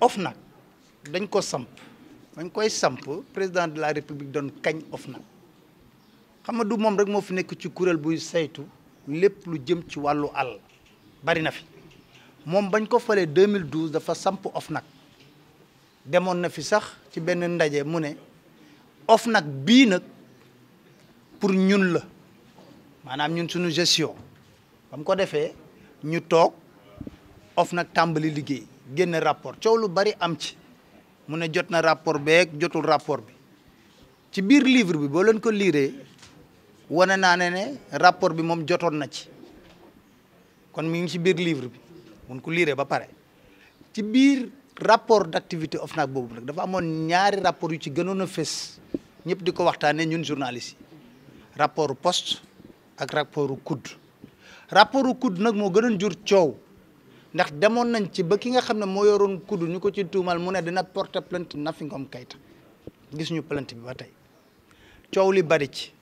OFNAC dañ ko samp dañ koy samp président de la république donne kañ OFNAC xam nga du moom rek mo fi nek ci kuréel buy saytu lepp lu jëm ci walu àll bari na fi Mom bañ ko falee 2012 dafa samp OFNAC demoon na fi sax ci benn ndaje mu ne OFNAC bii pour ñun la Manam ñun suñu gestion Bam ko défé ñu tok OFNAC tambali liggéey génn rapport ciow lu bari am ci mu rapor jot na rapport beek jotul rapport bi ci bir livre bi bo len ko liiree wane ne ne rapport bi mom jotone na ci kon mi ngi ci bir livre bi mun ko liiree ba pare ci bir rapport d'activité nak bobu nak dafa amone ñaari rapport yu ci di ko ñun journaliste rapport poste ak rapport coude rapport coude nak mo gënon jur ciow ndax demoon nañ ci ba ki nga xam ne moo yoroon kuddu ñu ko ci tuumal mu ne dina porter plainte Nafi Ngom Keïta gis ñu plainte bi ba tey coow li bari ci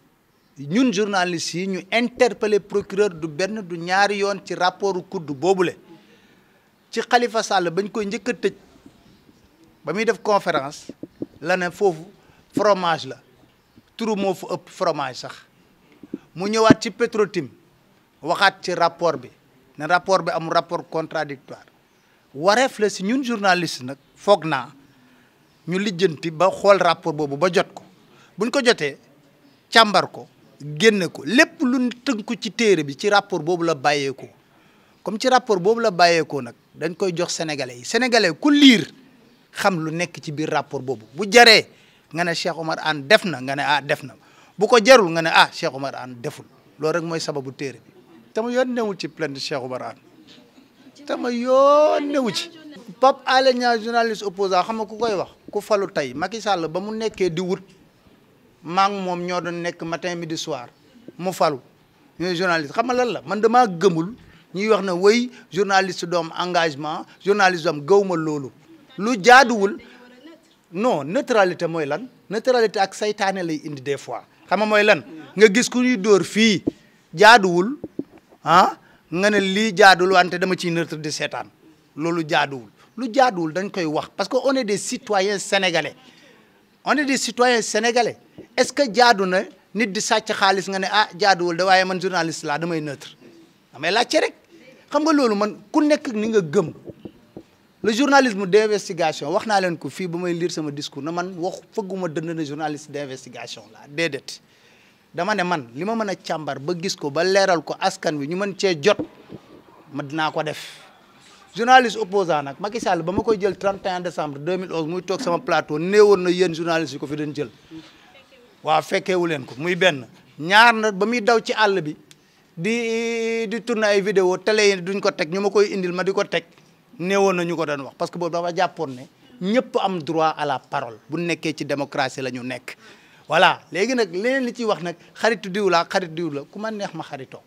ñun journalistes yi ñu interpellé procureur du benn du ñaari yoon ci rapport kuddu boobule ci Khalifa Sall bañ koy njëkk a tëj ba muy def conférence la ne foofu fromage la turu moo fu ëpp fromage sax mu ñëwaat ci Petro-Tim waxaat ci rapport bi ne rapport bi amul rapport contradictoire wareef la si ñun journaliste nag foog naa ñu lijjanti ba xool rapport boobu ba jot ko buñ ko jotee càmbar ko génne ko lépp lu ko ci téere bi ci rapport boobu la bàyyeekoo comme ci rapport boobu la bàyyeekoo nag dañ koy jox sénégalais yi ku liir xam lu nekk ci biir rapport boobu bu jaree nga ne Cheikh Omar Anne def na nga ne ah def na bu ko jarul nga ne ah Cheikh Omar Anne deful loolu rek mooy sababu téere tama yoon newul ci plainte Cheikh Oumar Anne tama yoon newu ci Pape Alé Niang journaliste opposant xam nga ku koy wax ku falu tey Macky Sall ba mu nekkee di wut maa moom ñoo doon nekk matin midi soir mu falu ñooy journaliste xam nga lan la man damaa gëmul ñuy wax ne wéy journaliste doom engagement journaliste doom gëwma loolu lu jaaduwul non neutralité mooy lan neutralité ak saytaane lay indi des fois xam nga nga gis ku ñuy dóor fii jaaduwul ah nga ne lii jaadul wante dama ciy neutre di seetaan loolu jaaduwul lu jaaduwul dañ koy wax parce que on est des citoyens sénégalais on est des citoyens sénégalais est-ce que jaadu na nit di sàcc xaalis nga ne ah jaaduwul da waaye man journaliste la damay neutre damay laajte rek xam nga loolu man ku nekk ni nga gëm le journalisme d'investigation wax naa leen ko fii ba may liir sama discours na man wax fëgguma dënd na journaliste d'investigation laa déedéet dama ne man li ma mën a càmbar ba gis ko ba leeral ko askan wi ñu man cee jot ma dinaa ko def journaliste opposant nag Macky Sall ba ma koy jël 31 décembre 2011 muy toog sama plateau néewoon na yéen journaliste yi ko fi dañ jël waaw fekkeewu leen ko muy benn ñaar na ba muy daw ci àll bi di di tourner ay vidéo télé yi duñ ko teg ñu ma koy indil ma di ko teg néewoon na ñu ko doon wax parce que boobu dafa jàppoon ne ñëpp am droit à la parole bu nekkee ci démocratie la ñu nekk voilà léegi nag leneen li ciy wax nag xaritu diw laa xarit diw la ku ma neex ma xaritoo